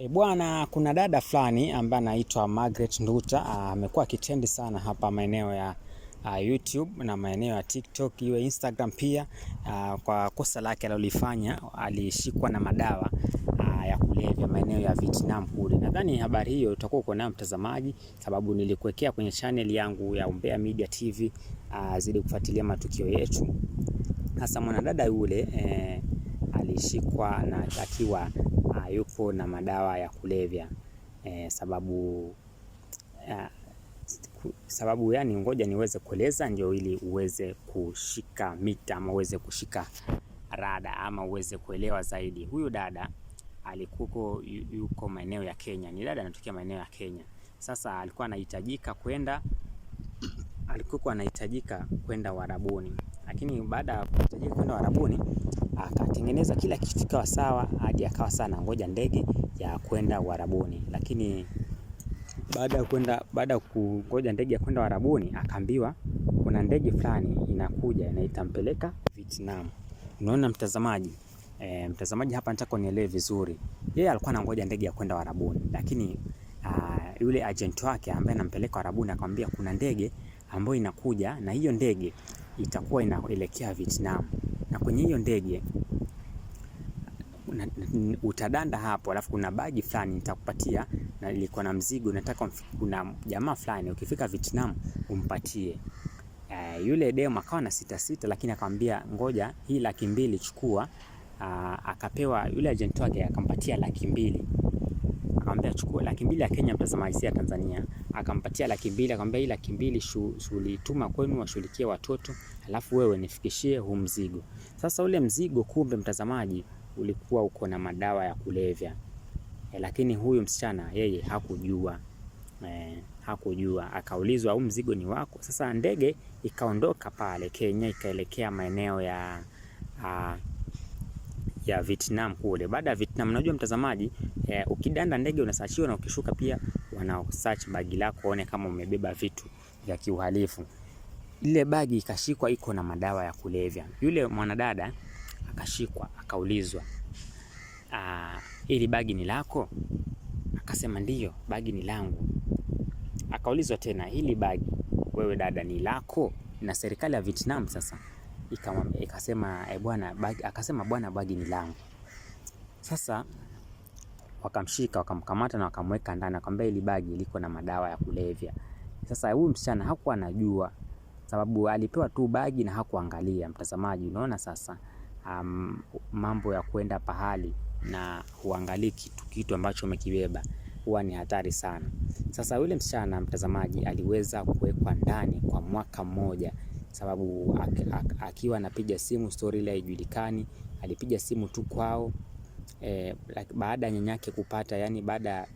E, bwana, kuna dada fulani ambaye anaitwa Margaret Nduta amekuwa akitendi sana hapa maeneo ya a, YouTube na maeneo ya TikTok iwe Instagram pia a, kwa kosa lake alilofanya, alishikwa na madawa a, ya kulevya maeneo ya Vietnam kule. Nadhani habari hiyo utakuwa uko nayo mtazamaji, sababu nilikuwekea kwenye channel yangu ya Umbea Media TV, azidi kufuatilia matukio yetu. Hasa mwanadada yule e, alishikwa na akiwa yupo na madawa ya kulevya e, sababu a, sababu yani, ngoja niweze kueleza ndio ili uweze kushika mita ama uweze kushika rada ama uweze kuelewa zaidi. Huyu dada alikuko yuko maeneo ya Kenya, ni dada anatokea maeneo ya Kenya. Sasa alikuwa anahitajika kwenda alikuwa anahitajika kwenda Warabuni, lakini baada ya kuhitajika kwenda Warabuni akatengeneza kila kitu kikawa sawa hadi akawa sana ngoja ndege ya kwenda Warabuni. lakini baada ya kwenda baada ya kungoja ndege ya kwenda Warabuni, akaambiwa kuna ndege fulani inakuja na itampeleka Vietnam. Unaona mtazamaji e, mtazamaji hapa nataka unielewe vizuri. Yeye alikuwa anangoja ndege ya kwenda Warabuni, lakini a, ah, yule agent wake ambaye anampeleka Warabuni akamwambia kuna ndege ambayo inakuja na hiyo ndege itakuwa inaelekea Vietnam na kwenye hiyo ndege utadanda hapo, alafu kuna bagi fulani nitakupatia, na ilikuwa na mzigo nataka, kuna jamaa fulani ukifika Vietnam umpatie. Uh, yule demo akawa na sita sita, lakini akamwambia ngoja, hii laki mbili chukua. Uh, akapewa yule agent wake akampatia laki mbili akamwambia chukua laki mbili ya Kenya, mtazamaji ya Tanzania. Akampatia laki mbili akamwambia hii laki mbili shulituma kwenu washughulikie watoto, alafu wewe nifikishie huu mzigo. Sasa ule mzigo kumbe, mtazamaji ulikuwa uko na madawa ya kulevya e, lakini huyu msichana yeye hakujua e, hakujua. Akaulizwa huu mzigo ni wako. Sasa ndege ikaondoka pale Kenya ikaelekea maeneo ya a, ya Vietnam kule. Baada ya Vietnam, unajua mtazamaji e, ukidanda ndege unasachiwa na ukishuka pia wana search bagi lako waone kama umebeba vitu vya kiuhalifu. Ile bagi ikashikwa iko na madawa ya kulevya. Yule mwanadada akashikwa, akaulizwa ah, ili bagi ni lako? Akasema ndiyo, bagi ni langu. Akaulizwa tena, hili bagi wewe dada ni lako? Na serikali ya Vietnam sasa ikasema e, bwana bagi, akasema bwana, bagi ni langu. Sasa wakamshika wakamkamata na wakamweka ndani, akamwambia hili bagi liko na madawa ya kulevya. Sasa huyu msichana hakuwa anajua, sababu alipewa tu bagi na hakuangalia. Mtazamaji, unaona sasa um, mambo ya kwenda pahali na huangalii kitu, kitu ambacho umekibeba huwa ni hatari sana. Sasa yule msichana mtazamaji, aliweza kuwekwa ndani kwa mwaka mmoja, sababu akiwa anapiga simu, stori ile haijulikani, alipiga simu tu kwao e, baada ya nyanyake kupata, yani baada ya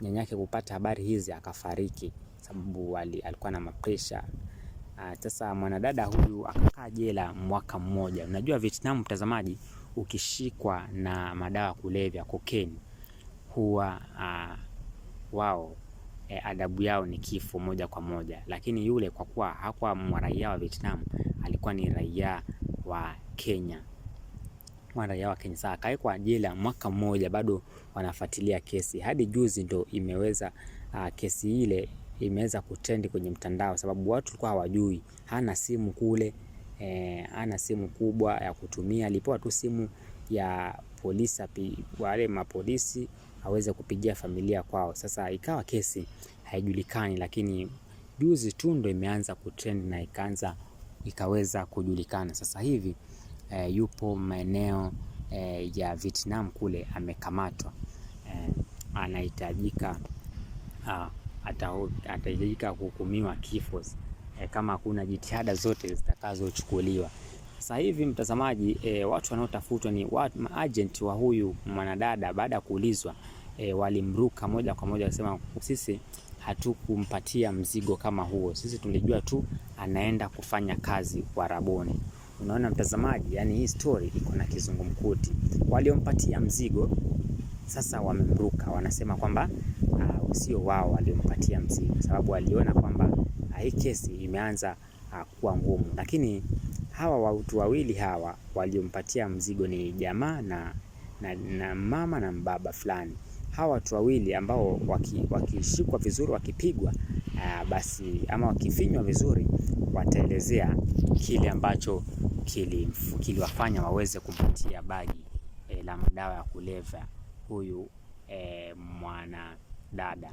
nyanyake kupata habari hizi akafariki, sababu alikuwa na mapresha. Ah, sasa mwanadada huyu akakaa jela mwaka mmoja. Unajua Vietnam, mtazamaji, ukishikwa na madawa kulevya kokeni, huwa ah, wao e, adabu yao ni kifo moja kwa moja, lakini yule kwa kuwa hakuwa mwaraia wa Vietnam, alikuwa ni raia wa Kenya, raia wa Kenya. Sasa akawekwa jela mwaka mmoja, bado wanafuatilia kesi hadi juzi ndo imeweza uh, kesi ile imeweza kutrend kwenye mtandao, sababu watu walikuwa hawajui, hana simu kule e, hana simu kubwa ya kutumia, alipewa tu simu ya polisi, wale mapolisi aweze kupigia familia kwao. Sasa ikawa kesi haijulikani, lakini juzi tu ndo imeanza kutrend na ikaanza ikaweza kujulikana sasa hivi. E, yupo maeneo e, ya Vietnam kule amekamatwa, e, anahitajika ah, atahitajika kuhukumiwa kifo e, kama kuna jitihada zote zitakazochukuliwa. Sasa hivi mtazamaji, e, watu wanaotafutwa ni watu, maajenti wa huyu mwanadada baada ya kuulizwa e, walimruka moja kwa moja wasema sisi hatukumpatia mzigo kama huo, sisi tulijua tu anaenda kufanya kazi Waraboni. Unaona mtazamaji, yani hii story iko na kizungumkuti. Waliompatia mzigo sasa wamemruka, wanasema kwamba uh, sio wao waliompatia mzigo, sababu waliona kwamba uh, hii kesi imeanza uh, kuwa ngumu, lakini hawa watu wawili hawa waliompatia mzigo ni jamaa na, na, na mama na mbaba fulani. Hawa watu wawili ambao wakishikwa waki vizuri, wakipigwa uh, basi ama wakifinywa vizuri, wataelezea kile ambacho kiliwafanya waweze kumpatia bagi eh, la madawa ya kulevya huyu e, mwanadada,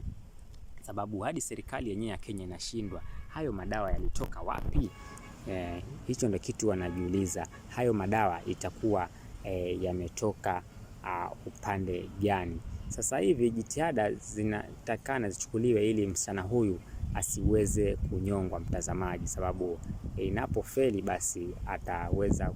sababu hadi serikali yenyewe ya Kenya inashindwa, hayo madawa yalitoka wapi? E, hicho ndo kitu wanajiuliza, hayo madawa itakuwa e, yametoka uh, upande gani? Sasa hivi jitihada zinatakana zichukuliwe ili msichana huyu asiweze kunyongwa, mtazamaji, sababu inapofeli eh, basi ataweza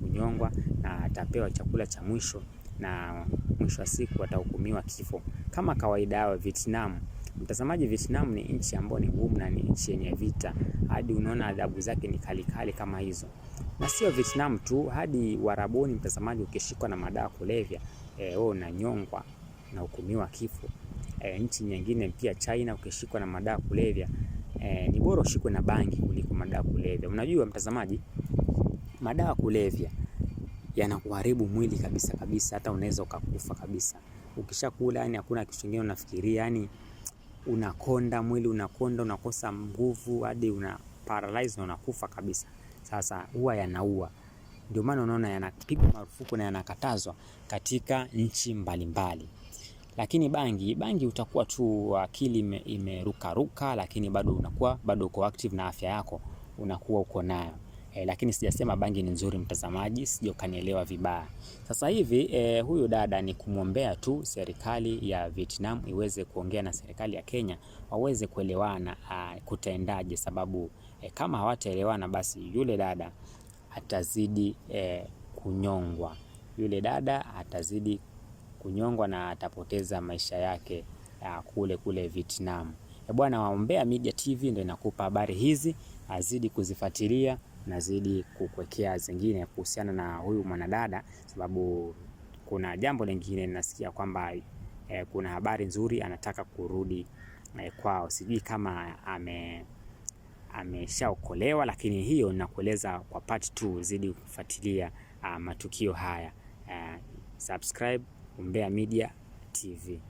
kunyongwa na atapewa chakula cha mwisho na mwisho wa siku watahukumiwa kifo kama kawaida yao. Vietnam, mtazamaji, Vietnam ni nchi ambayo ni ngumu na ni nchi yenye vita, hadi unaona adhabu zake ni kalikali kama hizo. Na sio Vietnam tu, hadi Warabuni, mtazamaji, ukishikwa na madawa kulevya e, wewe unanyongwa na hukumiwa kifo. E, nchi nyingine pia China, ukishikwa na madawa kulevya e, ni bora ushikwe na bangi kuliko madawa kulevya. Unajua mtazamaji, madawa kulevya yanakuharibu mwili kabisa kabisa, hata unaweza ukakufa kabisa ukishakula. Yani hakuna kitu kingine unafikiria, yani unakonda, mwili unakonda, unakosa nguvu hadi una paralyze na unakufa kabisa. Sasa huwa yanaua, ndio maana unaona yanapigwa marufuku na yanakatazwa katika nchi mbalimbali. Lakini bangi bangi, utakuwa tu akili imerukaruka, lakini bado unakuwa bado uko active na afya yako unakuwa uko nayo. E, lakini sijasema bangi ni nzuri mtazamaji, sije ukanielewa vibaya. Sasa hivi e, huyu dada ni kumwombea tu serikali ya Vietnam iweze kuongea na serikali ya Kenya waweze kuelewana ah, kutendaje, sababu e, kama hawataelewana basi yule dada atazidi e, kunyongwa. Yule dada atazidi kunyongwa na atapoteza maisha yake a, ah, kule kule Vietnam. E, bwana Waombea Media TV ndio inakupa habari hizi, azidi kuzifuatilia nazidi kukwekea zingine kuhusiana na huyu mwanadada, sababu kuna jambo lingine nasikia kwamba e, kuna habari nzuri anataka kurudi e, kwao. Sijui kama ame ameshaokolewa lakini hiyo nakueleza kwa part 2. Zidi kufuatilia uh, matukio haya uh, subscribe Umbea Media TV.